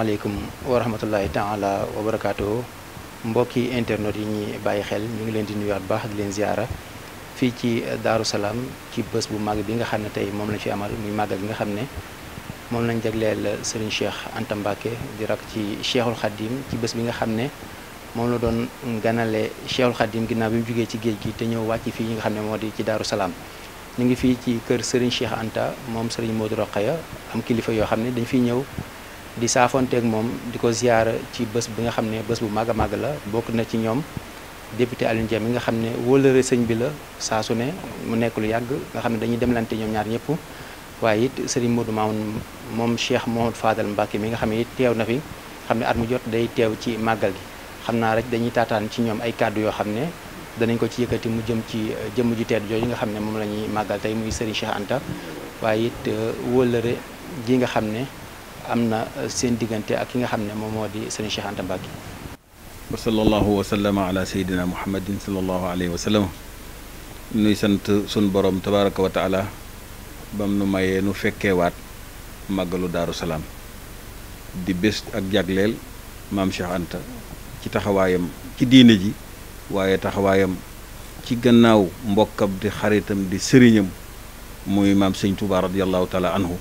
maaleykum wa rahmatullahi taala wa barakaatuhu mbokki internet yi ñuy bàyyi xel ñu ngi leen di nuyuwaat baax ak leen ziara fii ci Daaru Salaam ci bés bu mag bi nga xam ne tey moom lañ fi amal muy màggal bi nga xam ne moom lañ jagleel Serigne Cheikh Anta Mbacke di rak ci Cheikhul Khadim ci bés bi nga xam ne moom la doon ganale Cheikhul Khadim ginnaaw bi mu jógee ci géej gi te ñëw wàcc fii ñu nga xam ne moo di ci Daaru Salaam ñu ngi fii ci kër Serigne Cheikh Anta moom Serigne Modou ya am kilifa yoo xam ne dañ fiy ñëw di saafonteeg moom di ko ziyaara ci bés bi nga xam ne bës bu màgg a màgg la bokk na ci ñoom député Alioune Dia mi nga xam ne wóolëre sëñ bi la saa su ne mu nekk lu yàgg nga xam ne dañuy demlante ñoom ñaar ñëpp waaye it Serigne Modou Mamoun moom Cheikh Mouhamadou Fadal Mbacké mi nga xam ne teew na fi xam ne at mu jot day teew ci màggal gi xam naa rek dañuy taataan ci ñoom ay kàddu yoo xam ne danañ ko ci yëkkati mu jëm ci jëmm ju tedd jooju nga xam ne moom la ñuy màggal tey muy Serigne Cheikh Anta waaye it wóolëre gi nga xam ne am na seen diggante ak ki nga xam ne moom moo di sëriñ Cheikh Anta Mbacke wa sallallahu wa sallama ala sant sun boroom tabaraka wa taala bam nu mayee nu fekkeewaat màggalu daaru salaam di bés ak jagleel maam Cheikh Anta ci taxawaayam ci diine ji waaye taxawaayam ci gannaaw mbokkam di xaritam di sëriñam muy maam sëñ Touba radiyallahu taala anhu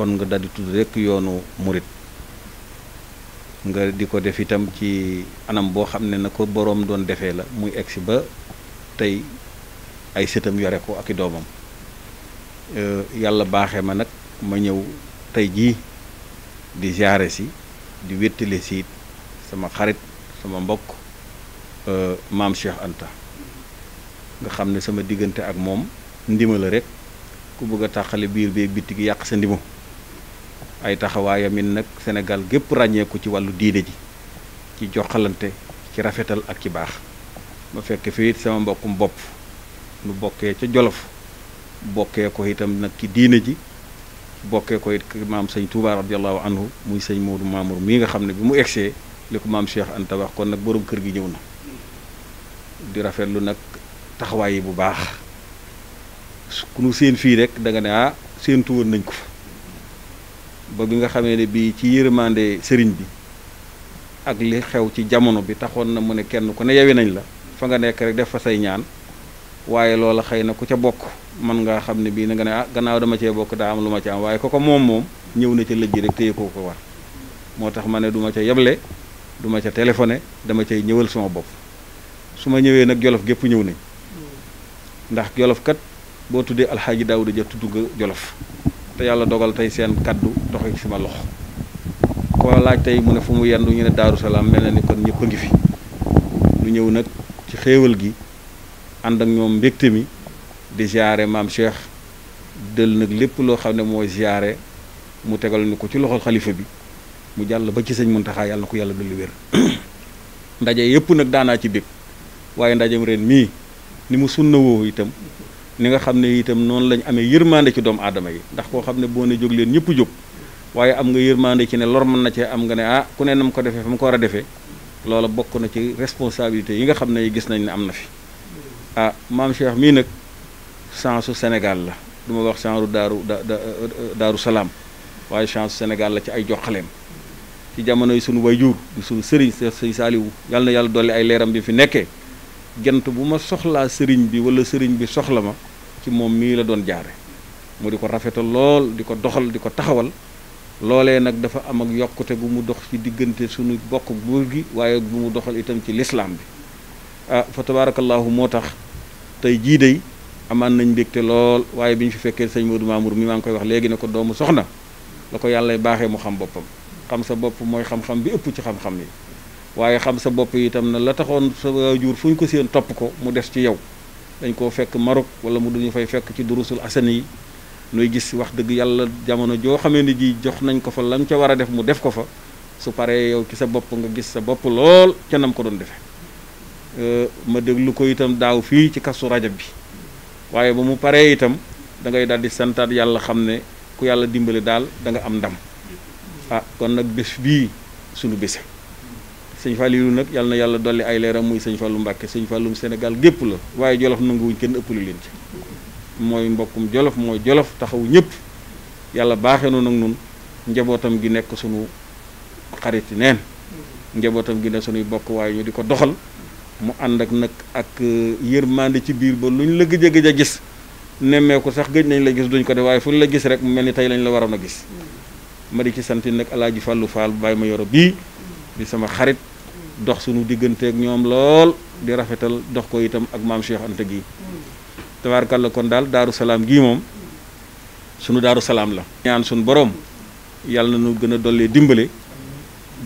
kon nga daldi tudd rekk yoonu murit nga di ko def itam ci anam boo xam ne na ko boroom doon defee la muy si ba tey ay sëtam yore ko ak i doomam euh, yàlla baaxee ma nag ma ñëw tey jii di jaare si di wéttali si sama xarit sama mbokk euh, maam Cheikh Anta nga xam ne sama diggante ak moom ndima la rek ku bëgg a tàqale biir bee bitti yàq sa ndimo ay taxawaayam it nag senegal gépp ràññeeku ci wàllu diine ji ci joxalante ci rafetal ak ci baax ma fekk fii it sama mbokkum bopp nu bokkee ca Jolof bokkee ko itam nag ci diine ji bokkee ko it maam sëñ tuubaar radiallahu anhu muy sëñ Moodu Mamour mii nga xam ne bi mu egsee li ko maam Cheikh Anta wax kon nag borom kër gi ñëw na di rafetlu nag taxawaay yi bu baax ku nu seen fii rek danga nga ne ah séentu woon nañ ko fa ba bi nga xamee ne bii ci yërmande sëriñ bi ak li xew ci jamono bi taxoon na mu ne kenn ku ne yewi nañ la fa nga nekk rek def fa say ñaan waaye loola xëy na ku ca bokk mën ngaa xam ne bii na nga ne ah gannaaw dama cee bokk daa am lu ma ci am waaye ko ko moom moom ñëw na ca lëjji rek yee ko ko war moo tax ma ne duma ma ca yeble du ma ca téléphoné dama cay ñëwal sama bopp su ma ñëwee nag jolof gépp ñëw nañ ndax jolof kat boo tuddee alxaaji daawuda ja tudd nga jolof te yàlla dogal tey seen kàddu doxee ci sama loxo koo laaj tey mu ne fu mu yendu ñu ne Daaru Salaam mel na ni kon ñëpp a ngi fi lu ñëw nag ci xéewal gi ànd ak ñoom mbégte mi di ziare maam Cheikh dël nag lépp loo xam ne moo ziare mu tegal ni ko ci loxol xalifa bi mu jàll ba ci sëñ Muntaxa yàlla na ko yàlla dolli wér ndaje yëpp nag daanaa ci bég waaye ndajem ren mii ni mu sunna woo itam ni nga xam ne itam noonu lañ amee yërmande ci doomu aadama yi ndax koo xam ne boo ne jóg leen ñëpp jóg waaye am nga yërmande ci ne lor mën na cee am nga ne ah ku ne na mu ko defee fa mu ko war a defee loola bokk na ci responsabilité yi nga xam ne gis nañ ne am na fi ah maam Cheikh mii nag chance su Sénégal la du ma wax genre daaru daaru salaam waaye chance Sénégal la ci ay joxaleem ci jamono yi sunu wayjuur di sunu sëriñ sëriñ Saaliwu yàlla na yàlla dolli ay leeram bi fi nekkee gent bu ma soxlaa sëriñ bi wala sëriñ bi soxla ma ci moom mii la doon jaare mu di ko rafetal lool di ko doxal di ko taxawal loole nag dafa am ak yokkute gu mu dox ci diggante suñu bokk buur gi waaye bu mu doxal itam ci lislaam bi ah fa tabaarakallaahu moo tax tey jii day amaan nañ mbégte lool waaye bi ñu fi fekkee sëñ Modou Mamour mi maa ngi koy wax léegi ne ko doomu soxna la ko yàlla baaxee mu xam boppam xam sa bopp mooy xam-xam bi ëpp ci xam-xam yi waaye xam sa bopp itam na la taxoon sa waajur fu ko seen topp ko mu des ci yow dañ koo fekk Maroc wala mu duñu fay fekk ci durusul asani yi nuy gis wax dëgg yàlla jamono joo xamee ni ji jox nañ ko fa lam ca war a def mu def ko fa su paree yow ci sa bopp nga gis sa bopp lool ca nam ko doon defee euh, ma déglu ko itam daaw fii ci kasu rajab bi waaye ba mu paree itam da ngay daal di santaat yàlla xam ne ku yàlla dimbali daal da nga am ndam ah kon nag bés bii sunu bése sëñ Faliilu nag yàlla na yàlla dolli ay leeram muy sëñ Fallou Mbàkke sëñ Fallum senegal gépp la waaye jolof nanguwuñ kenn ëppale leen ci mooy mbokkum jolof mooy jolof taxawu ñëpp yàlla baaxee noonu ak nun njabootam gi nekk sunu xariti neen njabootam gi ne sunuy bokk waaye ñu di ko doxal mu ànd ak nag ak euh, yërmande ci biir ba lu ñu la gëj a gis nemmeeku sax gëj nañ la gis duñ ko def waaye fu ñu la gis rek mel ni tey lañ la waroon a gis mm. ma di ci sant nag alaaji Fàllu Faal ma yoro bii sama xarit dox sunu ak ñoom lool di rafetal dox ko itam ak maam Cheikh Anta gi tabaarkàlla kon daal daaru salaam gii moom sunu daaru salaam la. ñaan sunu boroom yàlla na nu gën a dollee dimbale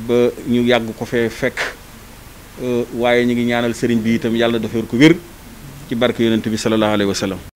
ba ñu yàgg ko fee fekk waaye ñu ngi ñaanal sëriñ bi itam yàlla defar ko wér ci barke yonent bi sallallahu alayhi wa